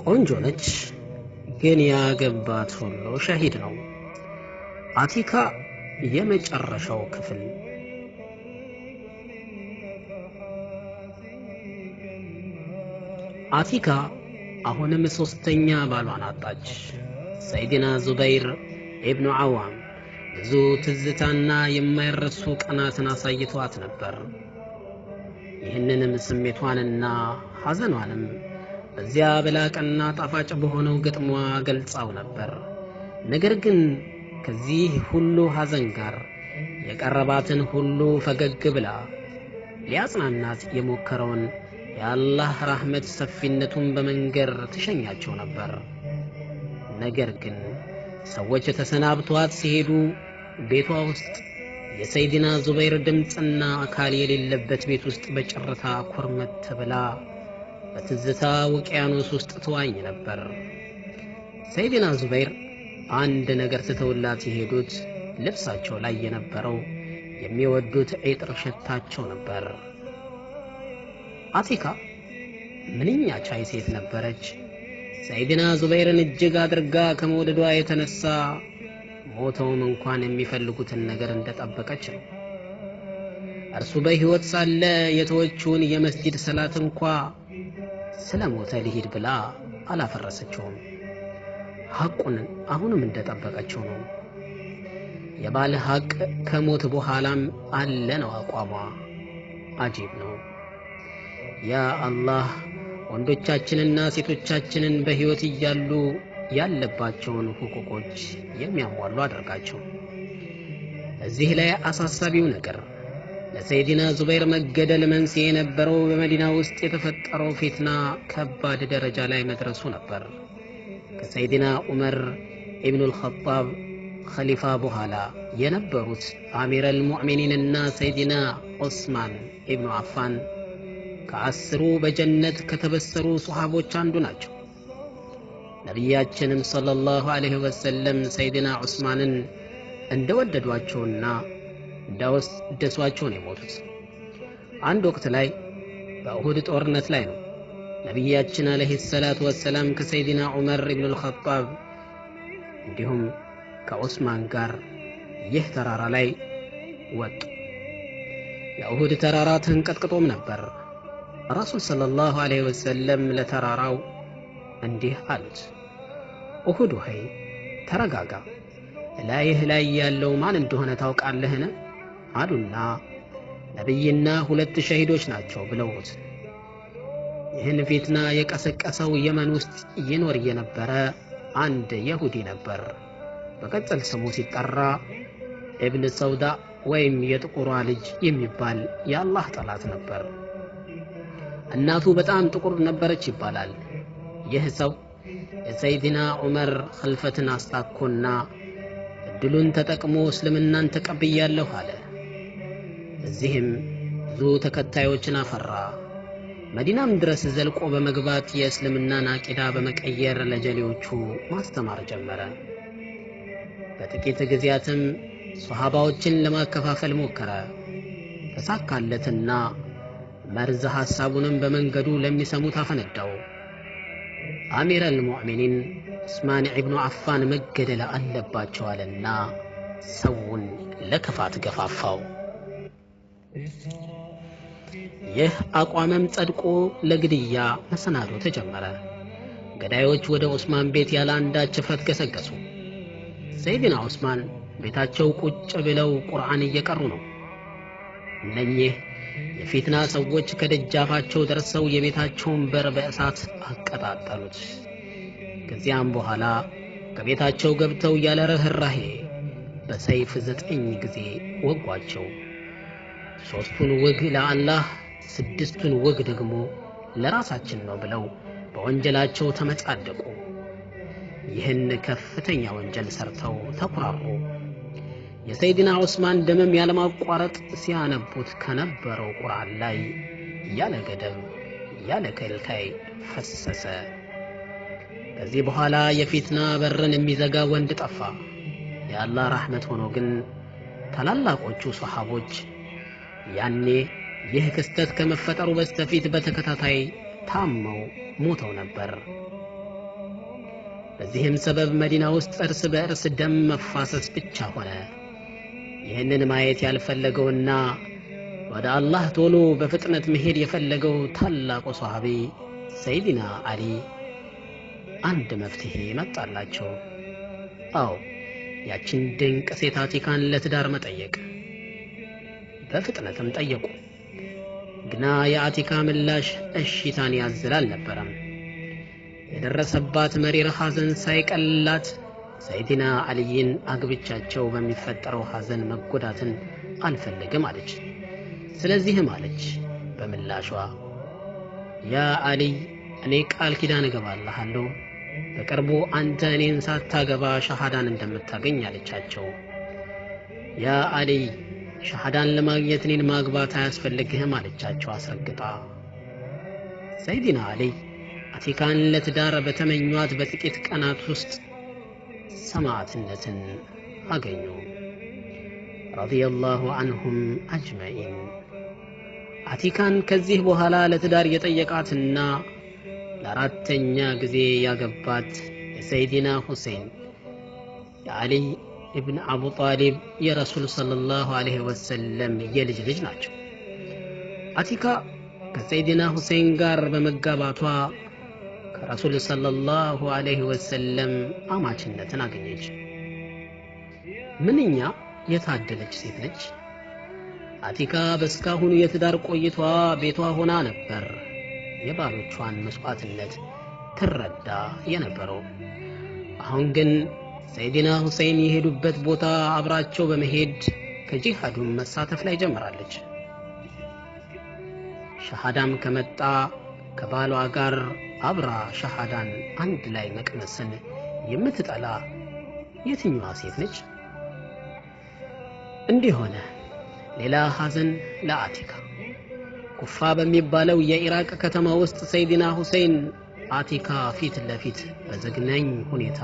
ቆንጆ ነች፣ ግን ያገባት ሁሉ ሸሂድ ነው። አቲካ የመጨረሻው ክፍል አቲካ አሁንም ሶስተኛ ባሏን አጣች። ሰይድና ዙበይር ኢብኑ አዋም ብዙ ትዝታና የማይረሱ ቀናትን አሳይቷት ነበር። ይህንንም ስሜቷንና ሐዘኗንም በዚያ በላቀና ጣፋጭ በሆነው ግጥሟ ገልጻው ነበር። ነገር ግን ከዚህ ሁሉ ሐዘን ጋር የቀረባትን ሁሉ ፈገግ ብላ ሊያጽናናት የሞከረውን የአላህ ራህመት ሰፊነቱን በመንገር ትሸኛቸው ነበር። ነገር ግን ሰዎች ተሰናብቷት ሲሄዱ ቤቷ ውስጥ የሰይድና ዙበይር ድምፅና አካል የሌለበት ቤት ውስጥ በጨረታ ኮርመት ተብላ በትዝታ ውቅያኖስ ውስጥ ትዋኝ ነበር። ሰይድና ዙበይር አንድ ነገር ትተውላት የሄዱት ልብሳቸው ላይ የነበረው የሚወዱት እጥር ሸታቸው ነበር። አቲካ ምንኛ ቻይ ሴት ነበረች። ሰይድና ዙበይርን እጅግ አድርጋ ከመውደዷ የተነሳ ሞተውም እንኳን የሚፈልጉትን ነገር እንደጠበቀች ነው። እርሱ በሕይወት ሳለ የተወችውን የመስጂድ ሰላት እንኳ ስለ ሞተ ልሂድ ብላ አላፈረሰችውም። ሐቁን አሁንም እንደጠበቀችው ነው። የባለ ሐቅ ከሞት በኋላም አለ ነው አቋሟ። አጂብ ነው። ያ አላህ ወንዶቻችንና ሴቶቻችንን በሕይወት እያሉ ያለባቸውን ሁቁቆች የሚያሟሉ አድርጋቸው። እዚህ ላይ አሳሳቢው ነገር ለሰይዲና ዙበይር መገደል መንስኤ የነበረው በመዲና ውስጥ የተፈጠረው ፊትና ከባድ ደረጃ ላይ መድረሱ ነበር። ከሰይዲና ዑመር ኢብኑል ኸጣብ ኸሊፋ በኋላ የነበሩት አሚረል ሙዕሚኒንና ሰይዲና ዑስማን ኢብኑ አፋን ከአስሩ በጀነት ከተበሰሩ ሶሐቦች አንዱ ናቸው። ነቢያችንም ሰለላሁ ዐለይሂ ወሰለም ሰይድና ዑስማንን እንደወደዷቸውና እንዳወደሷቸው ነው የሞቱት። አንድ ወቅት ላይ በእሁድ ጦርነት ላይ ነው ነቢያችን ዐለይሂ ሰላቱ ወሰላም ከሰይድና ዑመር ኢብኑ አልኸጣብ እንዲሁም ከዑስማን ጋር ይህ ተራራ ላይ ወጡ። የእሁድ ተራራ ተንቀጥቅጦም ነበር። ረሱል ሰለላሁ ዐለይሂ ወሰለም ለተራራው እንዲህ አሉት፣ ኡሁድ ሆይ ተረጋጋ፣ እላይህ ላይ ያለው ማን እንደሆነ ታውቃለህን? አሉና ነቢይና ሁለት ሸሂዶች ናቸው ብለውት ይህን ፊትና የቀሰቀሰው የመን ውስጥ ይኖር የነበረ አንድ የሁዲ ነበር። በቅጽል ስሙ ሲጠራ ኢብን ሰውዳ ወይም የጥቁሯ ልጅ የሚባል የአላህ ጠላት ነበር። እናቱ በጣም ጥቁር ነበረች ይባላል። ይህ ሰው የሰይድና ዑመር ኽልፈትን አስታኮና እድሉን ተጠቅሞ እስልምናን ተቀብያለሁ አለ። እዚህም ብዙ ተከታዮችን አፈራ። መዲናም ድረስ ዘልቆ በመግባት የእስልምናን አቂዳ በመቀየር ለጀሌዎቹ ማስተማር ጀመረ። በጥቂት ጊዜያትም ሶሃባዎችን ለማከፋፈል ሞከረ። ተሳካለትና መርዝ ሐሳቡንም በመንገዱ ለሚሰሙት አፈነዳው። አሚር አልሙእሚኒን ዑስማን ኢብኑ አፋን መገደል አለባቸዋልና ሰውን ለክፋት ገፋፋው። ይህ አቋመም ጸድቆ ለግድያ መሰናዶ ተጀመረ። ገዳዮች ወደ ዑስማን ቤት ያለ አንዳች እፍረት ገሰገሱ። ሰይድና ዑስማን ቤታቸው ቁጭ ብለው ቁርአን እየቀሩ ነው። እነኚህ የፊትና ሰዎች ከደጃፋቸው ደርሰው የቤታቸውን በር በእሳት አቀጣጠሉት። ከዚያም በኋላ ከቤታቸው ገብተው ያለ ርኅራሄ በሰይፍ ዘጠኝ ጊዜ ወጓቸው። ሦስቱን ውግ ለአላህ ስድስቱን ውግ ደግሞ ለራሳችን ነው ብለው በወንጀላቸው ተመጻደቁ። ይህን ከፍተኛ ወንጀል ሰርተው ተኩራሩ። የሰይድና ዑስማን ደመም ያለማቋረጥ ሲያነቡት ከነበረው ቁርአን ላይ ያለ ገደብ ያለ ከልካይ ፈሰሰ። ከዚህ በኋላ የፊትና በርን የሚዘጋ ወንድ ጠፋ። የአላህ ራህመት ሆኖ ግን ታላላቆቹ ሰሓቦች ያኔ ይህ ክስተት ከመፈጠሩ በስተፊት በተከታታይ ታመው ሞተው ነበር። በዚህም ሰበብ መዲና ውስጥ እርስ በእርስ ደም መፋሰስ ብቻ ሆነ። ይህንን ማየት ያልፈለገውና ወደ አላህ ቶሎ በፍጥነት መሄድ የፈለገው ታላቁ ሰሃቢ ሰይዲና አሊ አንድ መፍትሄ መጣላቸው። አዎ ያችን ድንቅ ሴት አቲካን ለትዳር መጠየቅ። በፍጥነትም ጠየቁ። ግና የአቲካ ምላሽ እሺታን ያዝል አልነበረም። የደረሰባት መሪር ሐዘን ሳይቀላት። ሰይዲና አልይን አግብቻቸው በሚፈጠረው ሐዘን መጎዳትን አልፈልግም አለች። ስለዚህም አለች በምላሿ ያ አልይ እኔ ቃል ኪዳን እገባልሃለሁ በቅርቡ አንተ እኔን ሳታገባ ሻሃዳን እንደምታገኝ አለቻቸው። ያ አልይ ሻሃዳን ለማግኘት እኔን ማግባት አያስፈልግህም አለቻቸው አስረግጣ። ሰይዲና አልይ አቲካን ለትዳር በተመኟት በጥቂት ቀናት ውስጥ ሰማዕትነትን አገኙ። ረዲየላሁ አንሁም አጅመኢን። አቲካን ከዚህ በኋላ ለትዳር የጠየቃትና ለአራተኛ ጊዜ ያገባት የሰይዲና ሁሴን የአሊ እብን አቡ ጣሊብ የረሱል ሰለላሁ ዐለይሂ ወሰለም የልጅ ልጅ ናቸው። አቲካ ከሰይዲና ሁሴን ጋር በመጋባቷ ረሱል ሰለላሁ ዐለይሂ ወሰለም አማችነትን አገኘች። ምንኛ የታደለች ሴት ነች! አቲካ በእስካሁኑ የትዳር ቆይቷ ቤቷ ሆና ነበር የባሎቿን መስዋዕትነት ትረዳ የነበረው። አሁን ግን ሰይድና ሁሴን የሄዱበት ቦታ አብራቸው በመሄድ ከጂሃዱም መሳተፍ ላይ ጀምራለች። ሸሃዳም ከመጣ ከባሏ ጋር አብራ ሻሃዳን አንድ ላይ መቅመስን የምትጠላ የትኛዋ ሴት ነች? እንዲህ ሆነ። ሌላ ሐዘን ለአቲካ። ኩፋ በሚባለው የኢራቅ ከተማ ውስጥ ሰይድና ሁሴን አቲካ ፊት ለፊት በዘግናኝ ሁኔታ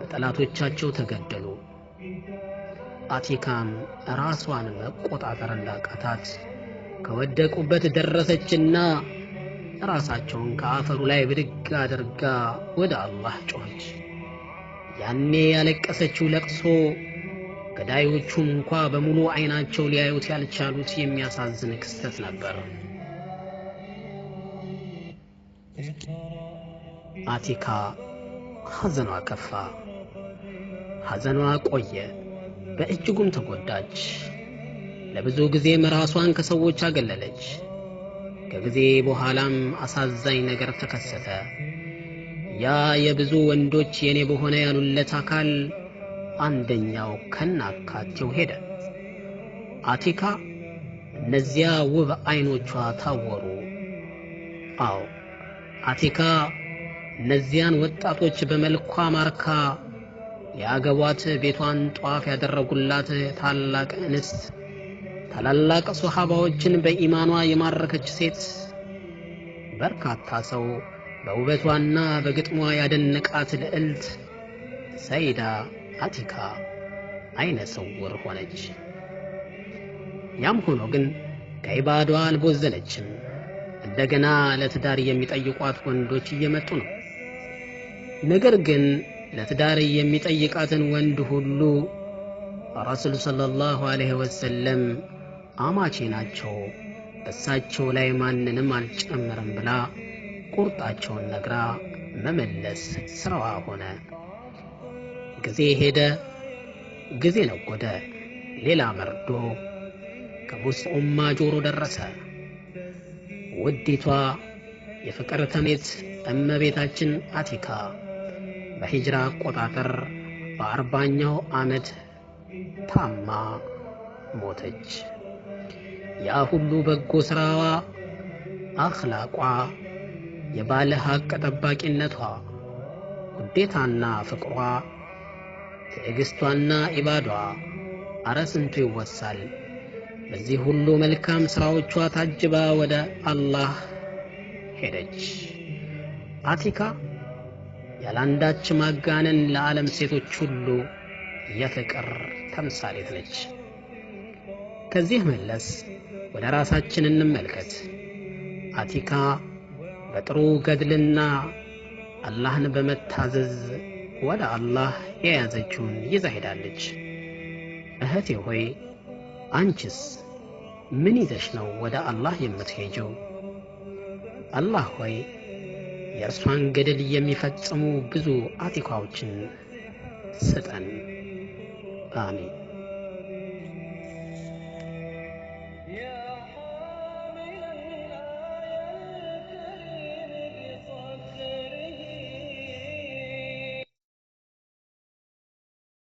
በጠላቶቻቸው ተገደሉ። አቲካም ራሷን መቆጣጠር እንዳቃታት ከወደቁበት ደረሰችና ራሳቸውን ከአፈሩ ላይ ብድግ አድርጋ ወደ አላህ ጮኸች። ያኔ ያለቀሰችው ለቅሶ ገዳዮቹም እንኳ በሙሉ ዓይናቸው ሊያዩት ያልቻሉት የሚያሳዝን ክስተት ነበር። አቲካ ሐዘኗ ከፋ። ሐዘኗ ቆየ። በእጅጉም ተጎዳች። ለብዙ ጊዜም ራሷን ከሰዎች አገለለች። ከጊዜ በኋላም አሳዛኝ ነገር ተከሰተ። ያ የብዙ ወንዶች የኔ በሆነ ያሉለት አካል አንደኛው ከናካቴው ሄደ። አቲካ እነዚያ ውብ አይኖቿ ታወሩ። አዎ አቲካ እነዚያን ወጣቶች በመልኳ ማርካ የአገቧት ቤቷን ጧፍ ያደረጉላት ታላቅ እንስት ታላላቅ ሱሐባዎችን በኢማኗ የማረከች ሴት በርካታ ሰው በውበቷና በግጥሟ ያደነቃት ልዕልት ሰይዳ አቲካ አይነ ስውር ሆነች። ያም ሆኖ ግን ከኢባዷ አልቦዘለችም። እንደገና ለትዳር የሚጠይቋት ወንዶች እየመጡ ነው። ነገር ግን ለትዳር የሚጠይቃትን ወንድ ሁሉ ረሱል ሰለላሁ ዐለይሂ ወሰለም አማቼ ናቸው እሳቸው ላይ ማንንም አልጨምርም ብላ ቁርጣቸውን ነግራ መመለስ ስራዋ ሆነ። ጊዜ ሄደ፣ ጊዜ ነጎደ። ሌላ መርዶ ከቡስ ኡማ ጆሮ ደረሰ። ውዲቷ የፍቅር ተሜት እመቤታችን አቲካ በሂጅራ አቆጣጠር በአርባኛው ዓመት ታማ ሞተች። ያ ሁሉ በጎ ሥራዋ፣ አኽላቋ፣ የባለ ሐቅ ጠባቂነቷ፣ ውዴታና ፍቅሯ፣ ትዕግሥቷና ኢባዷ አረ ስንቱ ይወሳል። በዚህ ሁሉ መልካም ሥራዎቿ ታጅባ ወደ አላህ ሄደች። አቲካ ያላንዳች ማጋነን ለዓለም ሴቶች ሁሉ የፍቅር ተምሳሌት ነች። ከዚህ መለስ ወደ ራሳችን እንመልከት። አቲካ በጥሩ ገድልና አላህን በመታዘዝ ወደ አላህ የያዘችውን ይዛ ሄዳለች። እህቴ ሆይ አንቺስ ምን ይዘሽ ነው ወደ አላህ የምትሄጀው? አላህ ሆይ የእርሷን ገድል የሚፈጽሙ ብዙ አቲካዎችን ስጠን። አሚን።